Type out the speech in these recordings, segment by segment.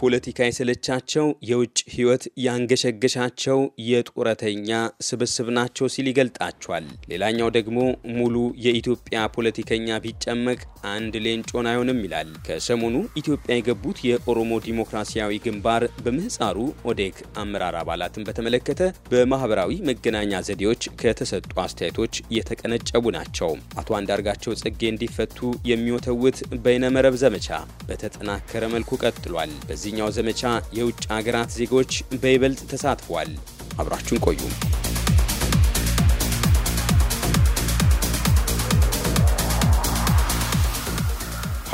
ፖለቲካ የሰለቻቸው የውጭ ህይወት ያንገሸገሻቸው የጡረተኛ ስብስብ ናቸው ሲል ይገልጣቸዋል። ሌላኛው ደግሞ ሙሉ የኢትዮጵያ ፖለቲከኛ ቢጨመቅ አንድ ሌንጮን አይሆንም ይላል። ከሰሞኑ ኢትዮጵያ የገቡት የኦሮሞ ዲሞክራሲያዊ ግንባር በምህፃሩ ኦዴግ አመራር አባላትን በተመለከተ በማህበራዊ መገናኛ ዘዴዎች ከተሰጡ አስተያየቶች የተቀነጨቡ ናቸው። አቶ አንዳርጋቸው ጽጌ እንዲፈቱ የሚወተውት በይነመረብ ዘመቻ በተጠናከረ መልኩ ቀጥሏል። በዚህ በዚህኛው ዘመቻ የውጭ አገራት ዜጎች በይበልጥ ተሳትፏል። አብራችሁን ቆዩም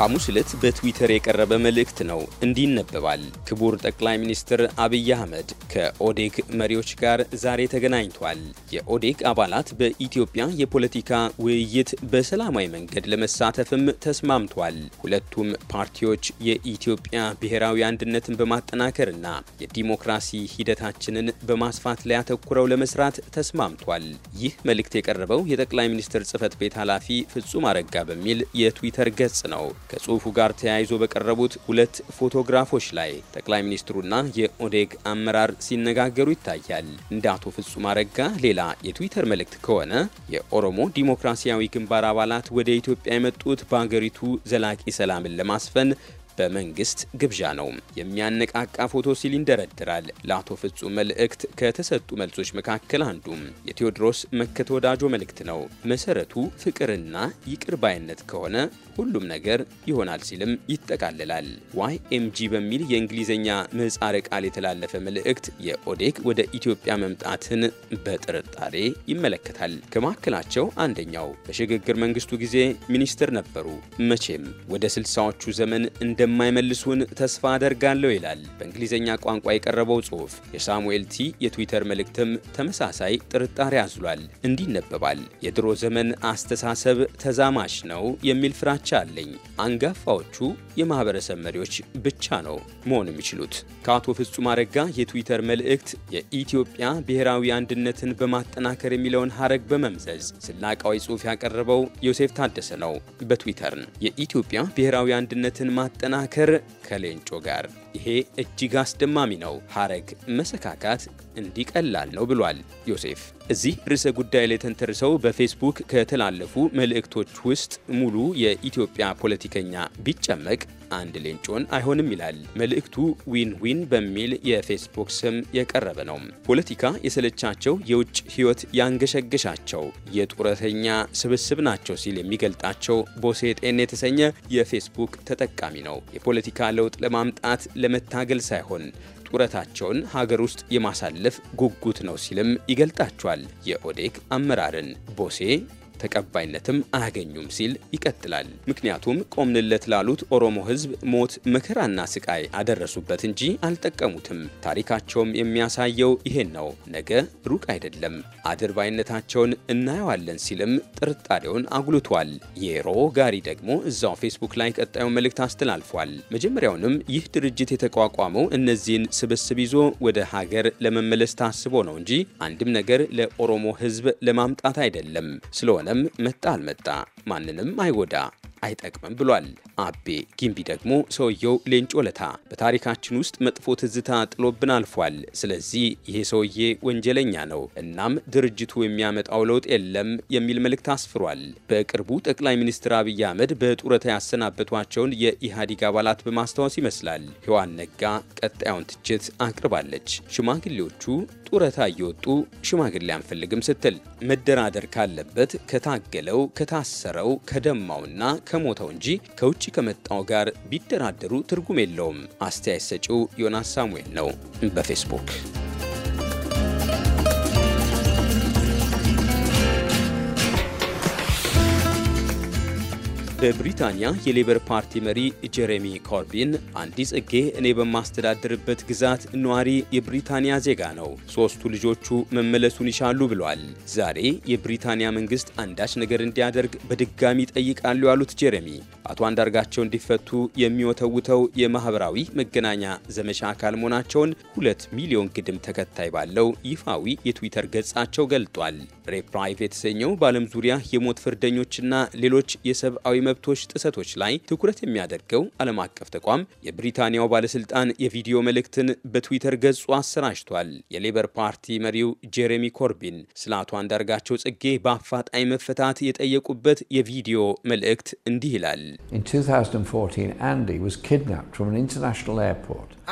ሐሙስ ዕለት በትዊተር የቀረበ መልእክት ነው። እንዲህ ይነበባል። ክቡር ጠቅላይ ሚኒስትር አብይ አህመድ ከኦዴግ መሪዎች ጋር ዛሬ ተገናኝቷል። የኦዴግ አባላት በኢትዮጵያ የፖለቲካ ውይይት በሰላማዊ መንገድ ለመሳተፍም ተስማምቷል። ሁለቱም ፓርቲዎች የኢትዮጵያ ብሔራዊ አንድነትን በማጠናከርና የዲሞክራሲ ሂደታችንን በማስፋት ላይ አተኩረው ለመስራት ተስማምቷል። ይህ መልእክት የቀረበው የጠቅላይ ሚኒስትር ጽህፈት ቤት ኃላፊ ፍጹም አረጋ በሚል የትዊተር ገጽ ነው። ከጽሑፉ ጋር ተያይዞ በቀረቡት ሁለት ፎቶግራፎች ላይ ጠቅላይ ሚኒስትሩና የኦዴግ አመራር ሲነጋገሩ ይታያል። እንደ አቶ ፍጹም አረጋ ሌላ የትዊተር መልእክት ከሆነ የኦሮሞ ዲሞክራሲያዊ ግንባር አባላት ወደ ኢትዮጵያ የመጡት በአገሪቱ ዘላቂ ሰላምን ለማስፈን በመንግስት ግብዣ ነው። የሚያነቃቃ ፎቶ ሲል ይንደረድራል ለአቶ ፍጹም መልእክት ከተሰጡ መልሶች መካከል አንዱ የቴዎድሮስ መከተ ወዳጆ መልእክት ነው። መሰረቱ ፍቅርና ይቅር ባይነት ከሆነ ሁሉም ነገር ይሆናል ሲልም ይጠቃልላል። ዋይ ኤምጂ በሚል የእንግሊዝኛ ምህጻረ ቃል የተላለፈ መልእክት የኦዴግ ወደ ኢትዮጵያ መምጣትን በጥርጣሬ ይመለከታል። ከመካከላቸው አንደኛው በሽግግር መንግስቱ ጊዜ ሚኒስትር ነበሩ። መቼም ወደ ስልሳዎቹ ዘመን እንደ እንደማይመልሱን ተስፋ አደርጋለሁ ይላል በእንግሊዝኛ ቋንቋ የቀረበው ጽሑፍ። የሳሙኤል ቲ የትዊተር መልእክትም ተመሳሳይ ጥርጣሬ አዝሏል። እንዲህ ይነበባል። የድሮ ዘመን አስተሳሰብ ተዛማች ነው የሚል ፍራቻ አለኝ። አንጋፋዎቹ የማህበረሰብ መሪዎች ብቻ ነው መሆን የሚችሉት። ከአቶ ፍጹም አረጋ የትዊተር መልእክት የኢትዮጵያ ብሔራዊ አንድነትን በማጠናከር የሚለውን ሀረግ በመምዘዝ ስላቃዊ ጽሑፍ ያቀረበው ዮሴፍ ታደሰ ነው። በትዊተርን የኢትዮጵያ ብሔራዊ አንድነትን ማጠና መጠናከር ከሌንጮ ጋር ይሄ እጅግ አስደማሚ ነው። ሐረግ መሰካካት እንዲቀላል ነው ብሏል ዮሴፍ እዚህ ርዕሰ ጉዳይ ላይ ተንተርሰው በፌስቡክ ከተላለፉ መልእክቶች ውስጥ ሙሉ የኢትዮጵያ ፖለቲከኛ ቢጨመቅ አንድ ሌንጮን አይሆንም ይላል መልእክቱ። ዊን ዊን በሚል የፌስቡክ ስም የቀረበ ነው። ፖለቲካ የሰለቻቸው፣ የውጭ ሕይወት ያንገሸገሻቸው የጡረተኛ ስብስብ ናቸው ሲል የሚገልጣቸው ቦሴጤን የተሰኘ የፌስቡክ ተጠቃሚ ነው። የፖለቲካ ለውጥ ለማምጣት ለመታገል ሳይሆን ጡረታቸውን ሀገር ውስጥ የማሳለፍ ጉጉት ነው ሲልም ይገልጣቸዋል። የኦዴክ አመራርን ቦሴ ተቀባይነትም አያገኙም ሲል ይቀጥላል። ምክንያቱም ቆምንለት ላሉት ኦሮሞ ህዝብ ሞት መከራና ስቃይ አደረሱበት እንጂ አልጠቀሙትም። ታሪካቸውም የሚያሳየው ይሄን ነው። ነገ ሩቅ አይደለም። አድርባይነታቸውን እናየዋለን ሲልም ጥርጣሬውን አጉልቷል። የሮ ጋሪ ደግሞ እዛው ፌስቡክ ላይ ቀጣዩ መልእክት አስተላልፏል። መጀመሪያውንም ይህ ድርጅት የተቋቋመው እነዚህን ስብስብ ይዞ ወደ ሀገር ለመመለስ ታስቦ ነው እንጂ አንድም ነገር ለኦሮሞ ህዝብ ለማምጣት አይደለም ስለሆነ ዓለም መጣ አልመጣ ማንንም አይጎዳ። አይጠቅምም ብሏል። አቤ ጊምቢ ደግሞ ሰውየው ሌንጮ ለታ በታሪካችን ውስጥ መጥፎ ትዝታ ጥሎብን አልፏል። ስለዚህ ይሄ ሰውዬ ወንጀለኛ ነው። እናም ድርጅቱ የሚያመጣው ለውጥ የለም የሚል መልእክት አስፍሯል። በቅርቡ ጠቅላይ ሚኒስትር አብይ አህመድ በጡረታ ያሰናበቷቸውን የኢህአዴግ አባላት በማስታወስ ይመስላል ሔዋን ነጋ ቀጣዩን ትችት አቅርባለች። ሽማግሌዎቹ ጡረታ እየወጡ ሽማግሌ አንፈልግም ስትል መደራደር ካለበት ከታገለው ከታሰረው ከደማውና ከሞተው እንጂ ከውጭ ከመጣው ጋር ቢደራደሩ ትርጉም የለውም። አስተያየት ሰጪው ዮናስ ሳሙኤል ነው በፌስቡክ በብሪታንያ የሌበር ፓርቲ መሪ ጀሬሚ ኮርቢን አንዲ ጽጌ እኔ በማስተዳድርበት ግዛት ነዋሪ የብሪታንያ ዜጋ ነው፣ ሶስቱ ልጆቹ መመለሱን ይሻሉ ብሏል። ዛሬ የብሪታንያ መንግስት አንዳች ነገር እንዲያደርግ በድጋሚ ይጠይቃሉ ያሉት ጀሬሚ አቶ አንዳርጋቸው እንዲፈቱ የሚወተውተው የማህበራዊ መገናኛ ዘመቻ አካል መሆናቸውን ሁለት ሚሊዮን ግድም ተከታይ ባለው ይፋዊ የትዊተር ገጻቸው ገልጧል። ሬፕራይቭ የተሰኘው በዓለም ዙሪያ የሞት ፍርደኞችና ሌሎች የሰብአዊ መብቶች ጥሰቶች ላይ ትኩረት የሚያደርገው ዓለም አቀፍ ተቋም የብሪታንያው ባለስልጣን የቪዲዮ መልእክትን በትዊተር ገጹ አሰራጭቷል። የሌበር ፓርቲ መሪው ጄሬሚ ኮርቢን ስለ አቶ አንዳርጋቸው ጽጌ በአፋጣኝ መፈታት የጠየቁበት የቪዲዮ መልእክት እንዲህ ይላል።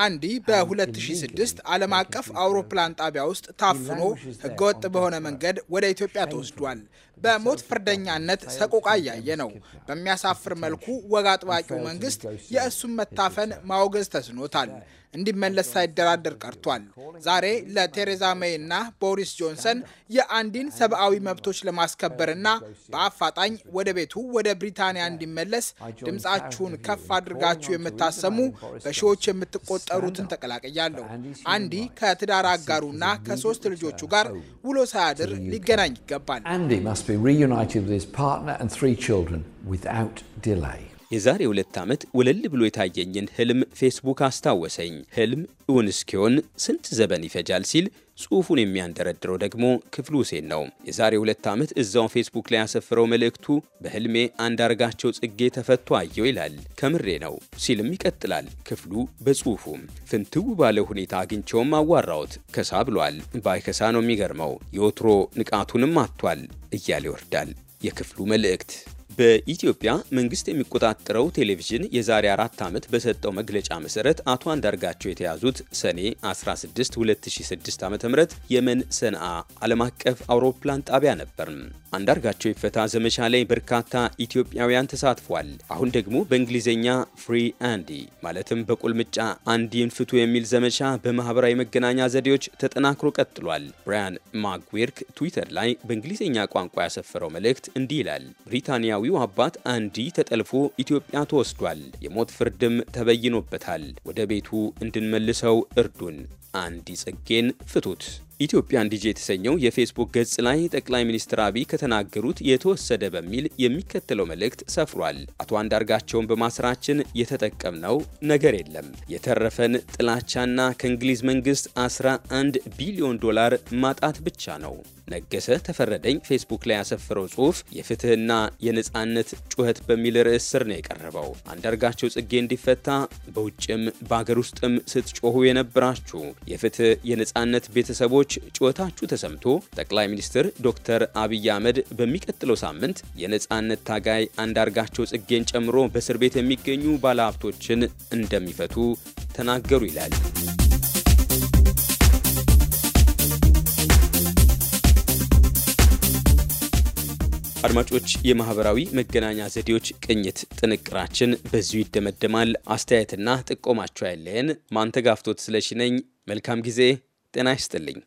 አንዲ በ2006 ዓለም አቀፍ አውሮፕላን ጣቢያ ውስጥ ታፍኖ ህገወጥ በሆነ መንገድ ወደ ወደ ኢትዮጵያ ተወስዷል። በሞት ፍርደኛነት ሰቆቃ እያየ ነው። በሚያሳፍር መልኩ ወግ አጥባቂው መንግስት የእሱን መታፈን ማውገዝ ተስኖታል። እንዲመለስ ሳይደራደር ቀርቷል። ዛሬ ለቴሬዛ ሜይ እና ቦሪስ ጆንሰን የአንዲን ሰብአዊ መብቶች ለማስከበርና በአፋጣኝ ወደ ቤቱ ወደ ብሪታንያ እንዲመለስ ድምፃችሁን ከፍ አድርጋችሁ የምታሰሙ በሺዎች የምትቆጠሩትን ተቀላቅያለሁ። አንዲ ከትዳር አጋሩና ከሶስት ልጆቹ ጋር ውሎ ሳያድር ሊገናኝ ይገባል። be reunited with his partner and three children without delay. የዛሬ ሁለት ዓመት ወለል ብሎ የታየኝን ህልም ፌስቡክ አስታወሰኝ። ህልም እውን እስኪሆን ስንት ዘበን ይፈጃል ሲል ጽሑፉን የሚያንደረድረው ደግሞ ክፍሉ ሁሴን ነው። የዛሬ ሁለት ዓመት እዛው ፌስቡክ ላይ ያሰፍረው መልእክቱ በህልሜ አንዳርጋቸው ጽጌ ተፈቶ አየው ይላል። ከምሬ ነው ሲልም ይቀጥላል ክፍሉ በጽሑፉም ፍንትው ባለ ሁኔታ አግኝቸውም አዋራውት ከሳ ብሏል። ባይከሳ ነው የሚገርመው። የወትሮ ንቃቱንም አጥቷል እያለ ይወርዳል የክፍሉ መልእክት። በኢትዮጵያ መንግስት የሚቆጣጠረው ቴሌቪዥን የዛሬ አራት ዓመት በሰጠው መግለጫ መሰረት አቶ አንዳርጋቸው የተያዙት ሰኔ 16 2006 ዓ ም የመን ሰንዓ ዓለም አቀፍ አውሮፕላን ጣቢያ ነበር። አንዳርጋቸው ይፈታ ዘመቻ ላይ በርካታ ኢትዮጵያውያን ተሳትፏል። አሁን ደግሞ በእንግሊዝኛ ፍሪ አንዲ ማለትም በቁልምጫ አንዲን ፍቱ የሚል ዘመቻ በማህበራዊ መገናኛ ዘዴዎች ተጠናክሮ ቀጥሏል። ብራያን ማግዌርክ ትዊተር ላይ በእንግሊዝኛ ቋንቋ ያሰፈረው መልእክት እንዲህ ይላል ብሪታንያዊ ኢትዮጵያዊው አባት አንዲ ተጠልፎ ኢትዮጵያ ተወስዷል። የሞት ፍርድም ተበይኖበታል። ወደ ቤቱ እንድንመልሰው እርዱን። አንዲ ጽጌን ፍቱት። ኢትዮጵያን ዲጂ የተሰኘው የፌስቡክ ገጽ ላይ ጠቅላይ ሚኒስትር አብይ ከተናገሩት የተወሰደ በሚል የሚከተለው መልእክት ሰፍሯል። አቶ አንዳርጋቸውን በማስራችን የተጠቀምነው ነገር የለም። የተረፈን ጥላቻና ከእንግሊዝ መንግስት 11 ቢሊዮን ዶላር ማጣት ብቻ ነው። ነገሰ ተፈረደኝ ፌስቡክ ላይ ያሰፈረው ጽሁፍ የፍትህና የነጻነት ጩኸት በሚል ርዕስ ስር ነው የቀረበው። አንዳርጋቸው ጽጌ እንዲፈታ በውጭም በአገር ውስጥም ስትጮሁ የነበራችሁ የፍትህ የነጻነት ቤተሰቦች ድምጾች ጩኸታችሁ ተሰምቶ ጠቅላይ ሚኒስትር ዶክተር አብይ አህመድ በሚቀጥለው ሳምንት የነጻነት ታጋይ አንዳርጋቸው ጽጌን ጨምሮ በእስር ቤት የሚገኙ ባለሀብቶችን እንደሚፈቱ ተናገሩ ይላል። አድማጮች፣ የማህበራዊ መገናኛ ዘዴዎች ቅኝት ጥንቅራችን በዚሁ ይደመደማል። አስተያየትና ጥቆማቸው ያለየን ማንተጋፍቶት ስለሽነኝ መልካም ጊዜ። ጤና ይስጥልኝ።